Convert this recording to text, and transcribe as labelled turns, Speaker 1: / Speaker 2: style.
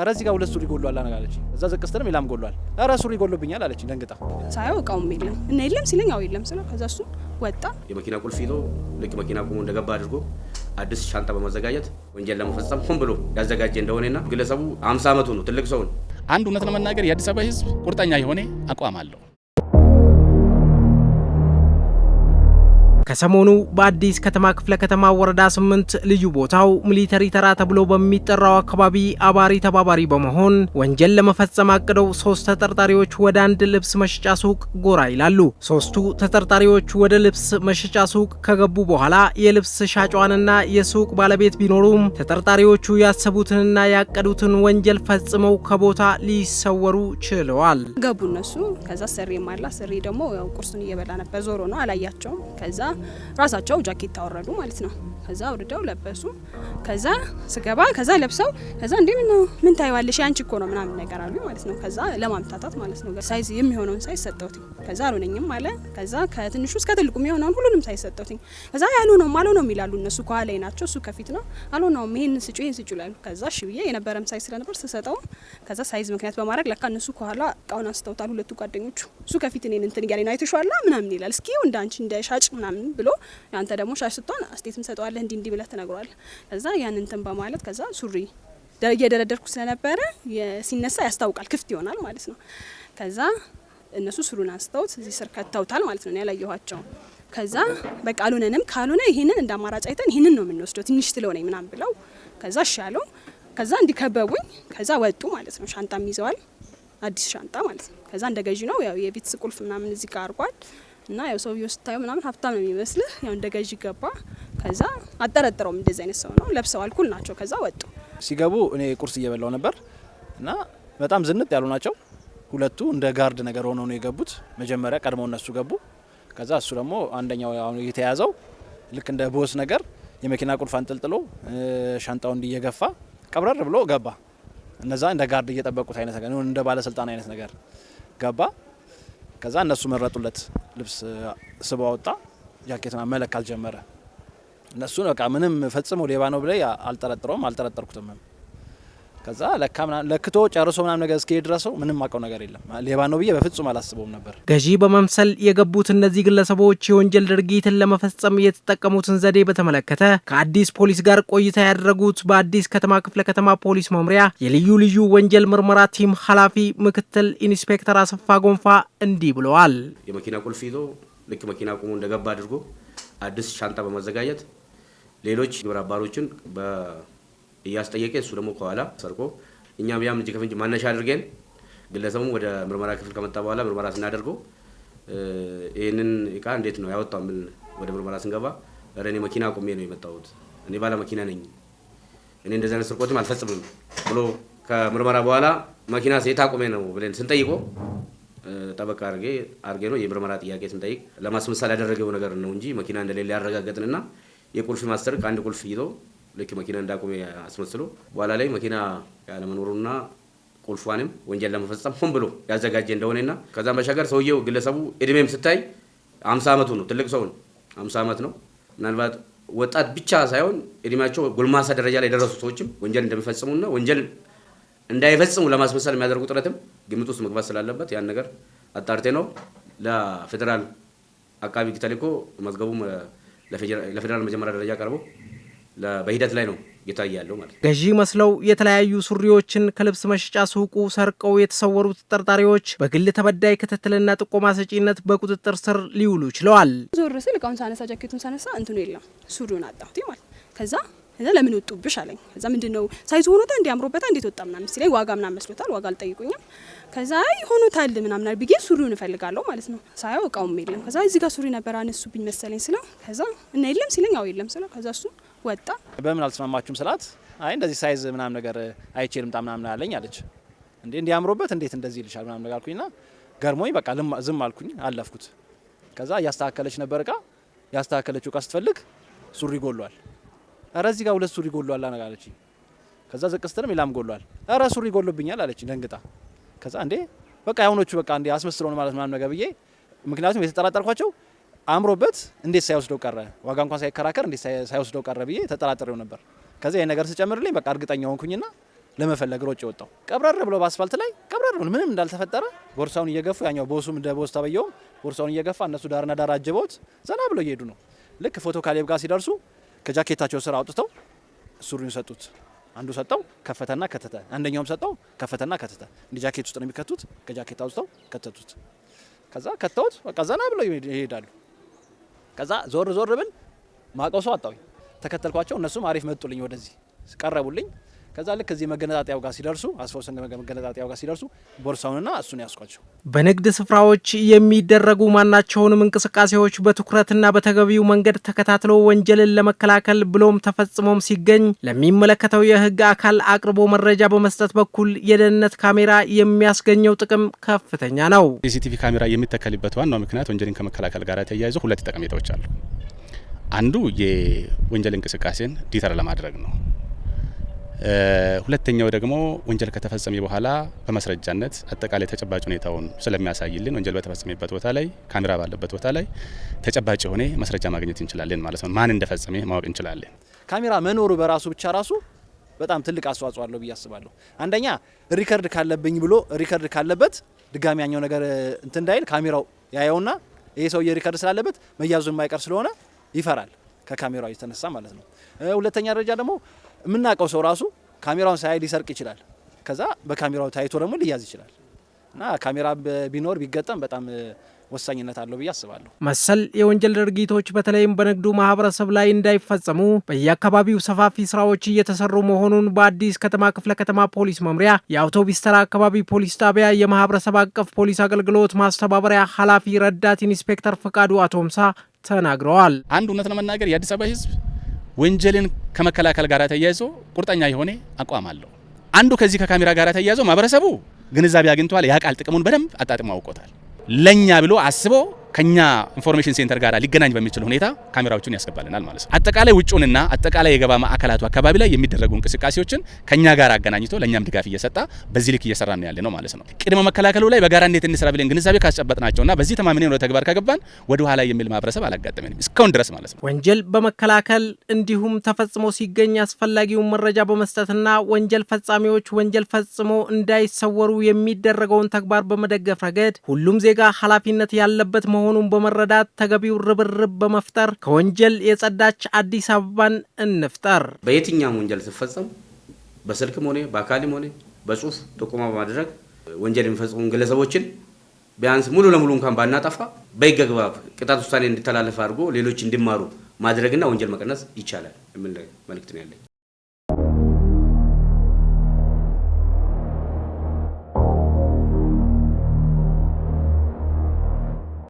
Speaker 1: ኧረ እዚህ ጋር ሁለት ሱሪ ጎሏል አለች። እዛ ዘቅ ስትልም ሌላም ጎሏል። ኧረ ሱሪ ጎሎብኛል አለች ደንግጣ።
Speaker 2: ሳየው እቃውም የለም እና የለም ሲለኝ አው የለም ስለው ከዛ እሱ ወጣ።
Speaker 3: የመኪና ቁልፍ ይዞ ልክ መኪና ቁሞ እንደገባ አድርጎ አዲስ ሻንጣ በማዘጋጀት ወንጀል ለመፈጸም ሆን ብሎ ያዘጋጀ እንደሆነና ግለሰቡ አምሳ አመቱ ነው ትልቅ ሰውን
Speaker 1: አንድ እውነት ለመናገር የአዲስ አበባ ህዝብ ቁርጠኛ የሆነ አቋም አለው።
Speaker 4: ከሰሞኑ በአዲስ ከተማ ክፍለ ከተማ ወረዳ ስምንት ልዩ ቦታው ሚሊተሪ ተራ ተብሎ በሚጠራው አካባቢ አባሪ ተባባሪ በመሆን ወንጀል ለመፈጸም አቅደው ሶስት ተጠርጣሪዎች ወደ አንድ ልብስ መሸጫ ሱቅ ጎራ ይላሉ። ሶስቱ ተጠርጣሪዎች ወደ ልብስ መሸጫ ሱቅ ከገቡ በኋላ የልብስ ሻጯንና የሱቅ ባለቤት ቢኖሩም ተጠርጣሪዎቹ ያሰቡትንና ያቀዱትን ወንጀል ፈጽመው ከቦታ ሊሰወሩ ችለዋል።
Speaker 2: ገቡ እነሱ ከዛ ሰሪ ማላ ሰሪ ደግሞ ቁርሱን እየበላ ነበር። ዞሮ ነው አላያቸውም። ከዛ ራሳቸው ጃኬት ታወረዱ ማለት ነው። ከዛ አውርደው ለበሱ። ከዛ ስገባ ከዛ ለብሰው ከዛ እንዴ ምን ምን ታይዋለሽ ያንቺ እኮ ነው ምናምን ነገር አሉ ማለት ነው። ከዛ ለማምታታት ማለት ነው ሳይዝ የሚሆነውን ሳይዝ ሰጠሁት። ከዛ አልሆነኝም አለ። ከዛ ከትንሹ እስከ ትልቁ የሚሆነውን ሁሉንም ሳይዝ ሰጠሁት። ከዛ ያሉ ነው ማለት ነው የሚላሉ እነሱ ከኋላ ናቸው፣ እሱ ከፊት ነው። አልሆነውም ይሄን ስጩ ይሄን ስጩ ይላሉ። ከዛ እሺ ብዬ የነበረም ሳይዝ ስለነበር ስሰጠውም ከዛ ሳይዝ ምክንያት በማድረግ ለካ እነሱ ከኋላ እቃውን አንስተውታል ሁለቱ ጓደኞቹ። እሱ ከፊት እኔን እንትን እያለኝ ነው አይተሽዋላ ምናምን ይላል። እስኪ እንዳንቺ እንደ ሻጭ ምናምን ብሎ አንተ ደግሞ ሻሽ ስትሆን አስቴት ምሰጠዋለህ እንዲ እንዲ ብለህ ትነግሯል። ከዛ ያን እንትን በማለት ከዛ ሱሪ እየደረደርኩ ስለነበረ ሲነሳ ያስታውቃል፣ ክፍት ይሆናል ማለት ነው። ከዛ እነሱ ሱሪን አንስተውት እዚህ ስር ከተውታል ማለት ነው። ያላየኋቸው ከዛ በቃ አልሆነንም፣ ካልሆነ ይህንን እንደ አማራጭ አይተን ይህንን ነው የምንወስደው ትንሽ ስለሆነኝ ምናምን ብለው ከዛ እሺ አለው። ከዛ እንዲከበቡኝ ከዛ ወጡ ማለት ነው። ሻንጣም ይዘዋል አዲስ ሻንጣ ማለት ነው። ከዛ እንደ ገዢ ነው ያው የቤት ቁልፍ ምናምን እዚህ ጋር አርጓል። እና ያው ሰውዬው ስታየው ምናምን ሀብታም ነው የሚመስልህ። ያው እንደ ገዢ ገባ። ከዛ አጠረጥረውም እንደዚህ አይነት ሰው ነው። ለብሰው አልኩል ናቸው። ከዛ ወጡ።
Speaker 1: ሲገቡ እኔ ቁርስ እየበላው ነበር እና በጣም ዝንጥ ያሉ ናቸው ሁለቱ። እንደ ጋርድ ነገር ሆነው ነው የገቡት። መጀመሪያ ቀድመው እነሱ ገቡ። ከዛ እሱ ደግሞ አንደኛው የተያዘው ልክ እንደ ቦስ ነገር የመኪና ቁልፍ አንጠልጥሎ ሻንጣው እንዲ እየገፋ ቀብረር ብሎ ገባ። እነዛ እንደ ጋርድ እየጠበቁት አይነት ነገር እንደ ባለስልጣን አይነት ነገር ገባ። ከዛ እነሱ መረጡለት ልብስ ስበ ወጣ ጃኬት መለክ ጀመረ። እነሱን በቃ ምንም ፈጽሞ ሌባ ነው ብለ አልጠረጥረውም አልጠረጠርኩትም። ከዛ ለክቶ ጨርሶ ምናም ነገር እስኪሄድ ድረስ ምንም አውቀው ነገር የለም። ሌባ ነው ብዬ በፍጹም አላስበውም ነበር።
Speaker 4: ገዢ በመምሰል የገቡት እነዚህ ግለሰቦች የወንጀል ድርጊትን ለመፈጸም የተጠቀሙትን ዘዴ በተመለከተ ከአዲስ ፖሊስ ጋር ቆይታ ያደረጉት በአዲስ ከተማ ክፍለ ከተማ ፖሊስ መምሪያ የልዩ ልዩ ወንጀል ምርመራ ቲም ኃላፊ ምክትል ኢንስፔክተር አሰፋ ጎንፋ እንዲህ ብለዋል።
Speaker 3: የመኪና ቁልፍ ይዞ ልክ መኪና ቁሞ እንደገባ አድርጎ አዲስ ሻንጣ በማዘጋጀት ሌሎች ግብረ አበሮችን እያስጠየቀ እሱ ደግሞ ከኋላ ሰርቆ እኛም ያም እጅ ከፍንጅ ማነሻ አድርገን ግለሰቡም ወደ ምርመራ ክፍል ከመጣ በኋላ ምርመራ ስናደርገው ይህንን እቃ እንዴት ነው ያወጣው? ምን ወደ ምርመራ ስንገባ ኧረ እኔ መኪና ቆሜ ነው የመጣሁት፣ እኔ ባለ መኪና ነኝ፣ እኔ እንደዚህ አይነት ስርቆትም አልፈጽምም ብሎ ከምርመራ በኋላ መኪና ሴታ አቆሜ ነው ብለን ስንጠይቆ ጠበቃ አርጌ አርጌ ነው የምርመራ ጥያቄ ስንጠይቅ ለማስመሳል ያደረገው ነገር ነው እንጂ መኪና እንደሌለ ያረጋገጥንና የቁልፍ ማስተር ከአንድ ቁልፍ ይዞ ልክ መኪና እንዳቆመ አስመስሎ በኋላ ላይ መኪና ያለመኖሩና ቁልፏንም ወንጀል ለመፈጸም ሆን ብሎ ያዘጋጀ እንደሆነና ከዛም በሻገር ሰውየው ግለሰቡ እድሜም ስታይ አምሳ ዓመቱ ነው። ትልቅ ሰው ነው። አምሳ ዓመት ነው። ምናልባት ወጣት ብቻ ሳይሆን እድሜያቸው ጎልማሳ ደረጃ ላይ የደረሱ ሰዎችም ወንጀል እንደሚፈጽሙና ወንጀል እንዳይፈጽሙ ለማስመሰል የሚያደርጉ ጥረትም ግምት ውስጥ መግባት ስላለበት ያን ነገር አጣርቴ ነው ለፌዴራል አቃቢ ተልኮ መዝገቡ ለፌዴራል መጀመሪያ ደረጃ ቀርቦ በሂደት ላይ ነው እየታያለው ማለት
Speaker 4: ነው። ገዢ መስለው የተለያዩ ሱሪዎችን ከልብስ መሸጫ ሱቁ ሰርቀው የተሰወሩት ተጠርጣሪዎች በግል ተበዳይ ክትትልና ጥቆማ ሰጪነት በቁጥጥር ስር ሊውሉ ችለዋል።
Speaker 2: ዞር ስል እቃውን ሳነሳ ጃኬቱን ሳነሳ እንትኑ የለም ሱሪውን አጣሁት ማለት ከዛ ከዛ ለምን ወጡብሽ አለኝ። ከዛ ምንድን ነው ሳይዝ ሆኖታ እንዲ አምሮበታ እንዴት ወጣ ምናምን ሲለኝ ዋጋ ምናምን መስሎታል። ዋጋ አልጠይቁኝም። ከዛ ሆኖታል ምናምን ብዬ ሱሪውን እፈልጋለሁ ማለት ነው። ሳያው እቃውም የለም። ከዛ እዚህ ጋር ሱሪ ነበር አነሱብኝ መሰለኝ ስለው ከዛ እና የለም ሲለኝ አዎ የለም ስለው ከዛ እሱ ወጣ።
Speaker 1: በምን አልተስማማችሁም ስላት አይ እንደዚህ ሳይዝ ምናምን ነገር አይቼ ልምጣ ምናምን አለኝ አለች። እንዴ እንዲያምሮበት እንዴት እንደዚህ ይልሻል ምናምን ነገር አልኩኝና ገርሞኝ በቃ ዝም አልኩኝ አለፍኩት። ከዛ እያስተካከለች ነበር እቃ ያስተካከለችው እቃ ስትፈልግ ሱሪ ጎሏል። ኧረ እዚህ ጋር ሁለት ሱሪ ጎሏል አለች። ከዛ ዝቅ ስትልም ሌላም ጎሏል። ኧረ ሱሪ ጎሎብኛል አለች ደንግጣ። ከዛ እንዴ በቃ የአሁኖቹ በቃ እንዴ አስመስለውን ማለት ምናምን ነገር ብዬ ምክንያቱም የተጠራጠርኳቸው አምሮበት እንዴት ሳይወስደው ቀረ፣ ዋጋ እንኳን ሳይከራከር እንዴት ሳይወስደው ቀረ ብዬ ተጠራጥሬው ነበር። ከዚያ ነገር ስጨምርልኝ በቃ እርግጠኛ ሆንኩኝና ለመፈለግ ሮጭ ወጣው። ቀብረር ብሎ በአስፋልት ላይ ቀብረር ብሎ ምንም እንዳልተፈጠረ ቦርሳውን እየገፉ ያኛው ቦሱም እንደ ቦስ ተበየውም ቦርሳውን እየገፋ እነሱ ዳርና ዳር አጅበውት ዘና ብሎ እየሄዱ ነው። ልክ ፎቶ ካሌብ ጋር ሲደርሱ ከጃኬታቸው ስራ አውጥተው ሱሪውን ሰጡት። አንዱ ሰጠው ከፈተና ከተተ፣ አንደኛውም ሰጠው ከፈተና ከተተ። እንዲ ጃኬት ውስጥ ነው የሚከቱት። ከጃኬት አውጥተው ከተቱት። ከዛ ከተውት በቃ ዘና ብለው ይሄዳሉ። ከዛ ዞር ዞር ብል ማቀው ሰው አጣሁኝ። ተከተልኳቸው። እነሱም አሪፍ መጡልኝ፣ ወደዚህ ቀረቡልኝ። ከዛ ልክ እዚህ መገነጣጠያው ጋር ሲደርሱ አስፋው ሰንድ መገነጣጠያው ጋር ሲደርሱ ቦርሳውንና እሱን ያስኳቸው።
Speaker 4: በንግድ ስፍራዎች የሚደረጉ ማናቸውንም እንቅስቃሴዎች በትኩረትና በተገቢው መንገድ ተከታትሎ ወንጀልን ለመከላከል ብሎም ተፈጽሞም ሲገኝ ለሚመለከተው የህግ አካል አቅርቦ መረጃ በመስጠት በኩል የደህንነት ካሜራ የሚያስገኘው ጥቅም ከፍተኛ ነው።
Speaker 5: ሲሲቲቪ ካሜራ የሚተከልበት ዋናው ምክንያት ወንጀልን ከመከላከል ጋር ተያይዞ ሁለት ጠቀሜታዎች አሉ። አንዱ የወንጀል እንቅስቃሴን ዲተር ለማድረግ ነው። ሁለተኛው ደግሞ ወንጀል ከተፈጸመ በኋላ በማስረጃነት አጠቃላይ ተጨባጭ ሁኔታውን ስለሚያሳይልን ወንጀል በተፈጸመበት ቦታ ላይ ካሜራ ባለበት ቦታ ላይ ተጨባጭ የሆነ ማስረጃ ማግኘት እንችላለን ማለት ነው። ማን እንደፈጸመ ማወቅ እንችላለን።
Speaker 1: ካሜራ መኖሩ በራሱ ብቻ ራሱ በጣም ትልቅ አስተዋጽኦ አለው ብዬ አስባለሁ። አንደኛ ሪከርድ ካለብኝ ብሎ ሪከርድ ካለበት ድጋሚ ያኛው ነገር እንትን እንዳይል ካሜራው ያየውና ይሄ ሰውዬ ሪከርድ ስላለበት መያዙ የማይቀር ስለሆነ ይፈራል፣ ከካሜራው የተነሳ ማለት ነው። ሁለተኛ ደረጃ ደግሞ የምናውቀው ሰው ራሱ ካሜራውን ሳያይ ሊሰርቅ ይችላል። ከዛ በካሜራው ታይቶ ደግሞ ሊያዝ ይችላል እና ካሜራ ቢኖር ቢገጠም በጣም ወሳኝነት አለው ብዬ አስባለሁ።
Speaker 4: መሰል የወንጀል ድርጊቶች በተለይም በንግዱ ማህበረሰብ ላይ እንዳይፈጸሙ በየአካባቢው ሰፋፊ ስራዎች እየተሰሩ መሆኑን በአዲስ ከተማ ክፍለ ከተማ ፖሊስ መምሪያ የአውቶቢስ ተራ አካባቢ ፖሊስ ጣቢያ የማህበረሰብ አቀፍ ፖሊስ አገልግሎት ማስተባበሪያ ኃላፊ ረዳት ኢንስፔክተር ፍቃዱ አቶምሳ ተናግረዋል።
Speaker 1: አንድ እውነት ለመናገር የአዲስ አበባ ህዝብ ወንጀልን ከመከላከል ጋር ተያይዞ ቁርጠኛ የሆነ አቋም አለው። አንዱ ከዚህ ከካሜራ ጋር ተያይዞ ማህበረሰቡ ግንዛቤ አግኝቷል። ያውቃል፣ ጥቅሙን በደንብ አጣጥሞ አውቆታል። ለኛ ብሎ አስቦ ከኛ ኢንፎርሜሽን ሴንተር ጋር ሊገናኝ በሚችል ሁኔታ ካሜራዎቹን ያስገባልናል ማለት ነው። አጠቃላይ ውጭውንና አጠቃላይ የገባ ማዕከላቱ አካባቢ ላይ የሚደረጉ እንቅስቃሴዎችን ከኛ ጋር አገናኝቶ ለእኛም ድጋፍ እየሰጣ በዚህ ልክ እየሰራ ነው ያለ ነው ማለት ነው። ቅድመ መከላከሉ ላይ በጋራ እንዴት እንስራ ብለን ግንዛቤ ካስጨበጥናቸውና በዚህ ተማምኔ ወደ ተግባር ከገባን ወደ ኋላ የሚል ማህበረሰብ አላጋጠመንም እስካሁን ድረስ ማለት
Speaker 4: ነው። ወንጀል በመከላከል እንዲሁም ተፈጽሞ ሲገኝ አስፈላጊውን መረጃ በመስጠትና ወንጀል ፈጻሚዎች ወንጀል ፈጽሞ እንዳይሰወሩ የሚደረገውን ተግባር በመደገፍ ረገድ ሁሉም ዜጋ ኃላፊነት ያለበት መሆ መሆኑን በመረዳት ተገቢው ርብርብ በመፍጠር ከወንጀል የጸዳች አዲስ አበባን እንፍጠር።
Speaker 3: በየትኛውም ወንጀል ስፈጸም በስልክም ሆነ በአካልም ሆነ በጽሁፍ ጥቆማ በማድረግ ወንጀል የሚፈጽሙ ግለሰቦችን ቢያንስ ሙሉ ለሙሉ እንኳን ባናጠፋ በሕግ አግባብ ቅጣት ውሳኔ እንዲተላለፍ አድርጎ ሌሎች እንዲማሩ ማድረግና ወንጀል መቀነስ ይቻላል የሚል መልእክት ነው ያለኝ።